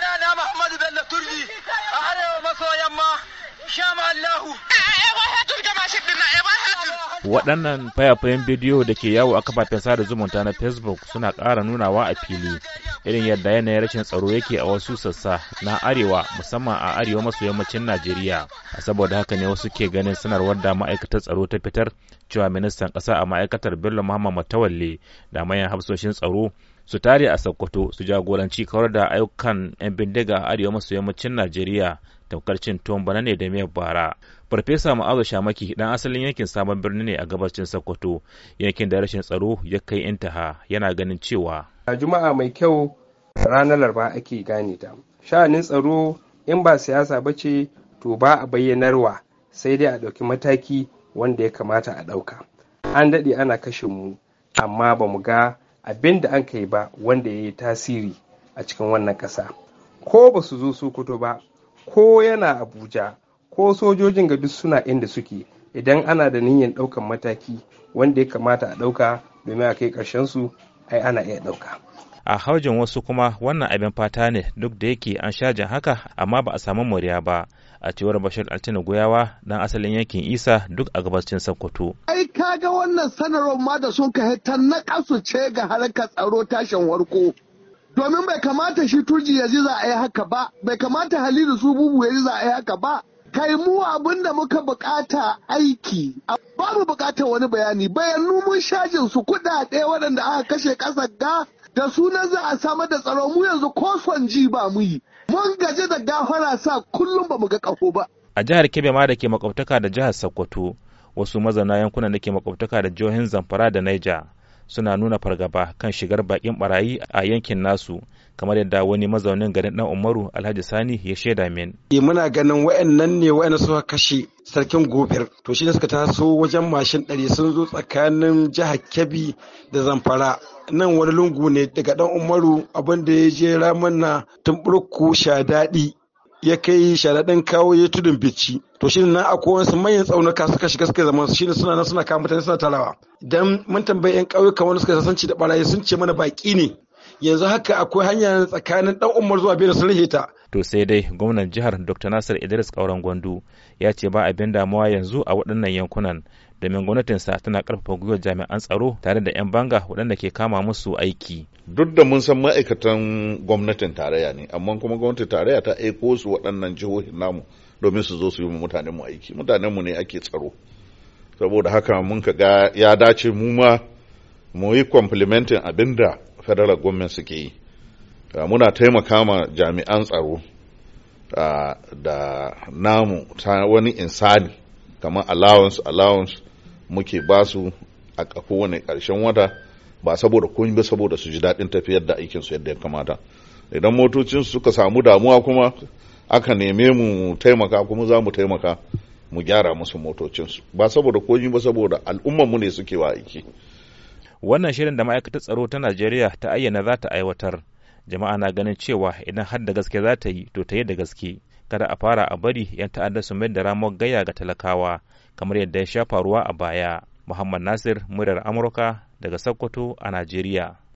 suna na Muhammadu Bello Turji a arewa maso yamma sha Waɗannan fayafayen bidiyo da ke yawo a kafafen sada zumunta na Facebook suna ƙara nunawa a fili irin yadda yanayin rashin tsaro yake a wasu sassa na arewa musamman a arewa maso yammacin Najeriya. Saboda haka ne wasu ke ganin sanarwar da ma'aikatar tsaro ta fitar cewa ministan ƙasa a ma'aikatar bello muhammad matawalle da manyan hafsoshin tsaro su tare a sokoto su jagoranci kawar da ayyukan 'yan bindiga a arewa maso yammacin najeriya tamkar cin tuwon bana ne da miyar bara farfesa ma'azu shamaki dan asalin yankin sabon birni ne a gabacin sokoto yankin da rashin tsaro ya kai intaha yana ganin cewa a juma'a mai kyau ranar laraba ake gane ta sha'anin tsaro in ba siyasa ba ce to ba a bayyanarwa sai dai a ɗauki mataki wanda ya kamata a ɗauka an daɗe ana kashe mu amma ba mu ga abin da an kai ba wanda ya yi tasiri a cikin wannan ƙasa ko ba su zo sokoto ba ko yana abuja ko sojojin ga duk suna inda suke idan ana da niyyar ɗaukan mataki wanda ya kamata a ɗauka domin a kai ƙarshen su ai ana iya ɗauka. a haujin wasu kuma wannan abin fata ne duk da yake an shajin haka amma ba a samu moriya ba a cewar bashir altina goyawa dan asalin yankin isa duk a gabashin sokoto ai kaga wannan sanarwar ma da sun kai ta na kasu ce ga harkar tsaro tashin warko domin bai kamata shi turji ya ji za a yi haka ba bai kamata halilu su bubu ya ji za a yi haka ba kai mu abin da muka bukata aiki babu bukata wani bayani bayan mun shajin su kudade waɗanda aka kashe ƙasa ga da sunan za a samar da tsaro mu yanzu ko son ji ba mu yi mun gaje da gafara sa kullum ba mu ga kafo ba a jihar kebe ma da ke makwabtaka da jihar Sokoto wasu mazauna yankunan da ke makwabtaka da jihohin Zamfara da Niger suna nuna fargaba kan shigar bakin barayi a yankin nasu kamar yadda wani mazaunin garin dan umaru alhaji sani ya shaida min eh, muna ganin waannan ne wayanda suka kashe sarkin gobir to shi ne suka taso wajen mashin ɗari sun zo tsakanin jihar kebbi da zamfara nan wani lungu ne daga dan umaru abinda ya je ramanna tumburku sha daɗi ya kai sharaɗin kawo ya tudun bici to shi nan akwai wasu manyan tsaunuka suka shiga suka zama shi ne suna nan suna kama mutane suna talawa Idan mun tambayi yan ƙauyuka wani suka sasanci da barayi sun ce mana baƙi ne yanzu haka akwai hanya tsakanin ɗan umar zuwa biyar sun rihe ta. to sai dai gwamnan jihar dr nasir idris kauran gwandu ya ce ba abin damuwa yanzu a waɗannan yankunan domin gwamnatinsa tana karfafa gwiwar jami'an tsaro tare da 'yan banga waɗanda ke kama musu aiki. Duk da mun san ma'aikatan gwamnatin tarayya ne, amma kuma gwamnatin tarayya ta aiko su waɗannan jihohin namu domin su zo su yi mu mutanen mu aiki. Mutanen mu ne ake tsaro. Saboda haka mun ga ya dace mu ma mu yi complimenting abin federal government suke yi. Ah, muna taimaka ma jami'an tsaro ah, da namu ta wani insani kamar allowance allowance muke su a wani karshen wata ba saboda komai ba saboda su ji daɗin tafiyar da aikin su yadda ya kamata idan motocin suka samu damuwa kuma aka neme mu taimaka kuma za mu taimaka mu gyara musu motocinsu ba saboda komai ba saboda al'umman mu ne suke wa aiki wannan shirin da ma'aikatar tsaro ta najeriya ta ayyana za ta aiwatar jama'a na ganin cewa idan har da gaske za ta yi to ta yi da gaske kada a fara a bari 'yan ta'adda su mayar da ramuwar gaya ga talakawa kamar yadda ya sha faruwa a baya muhammad nasir muryar amurka daga sokoto a najeriya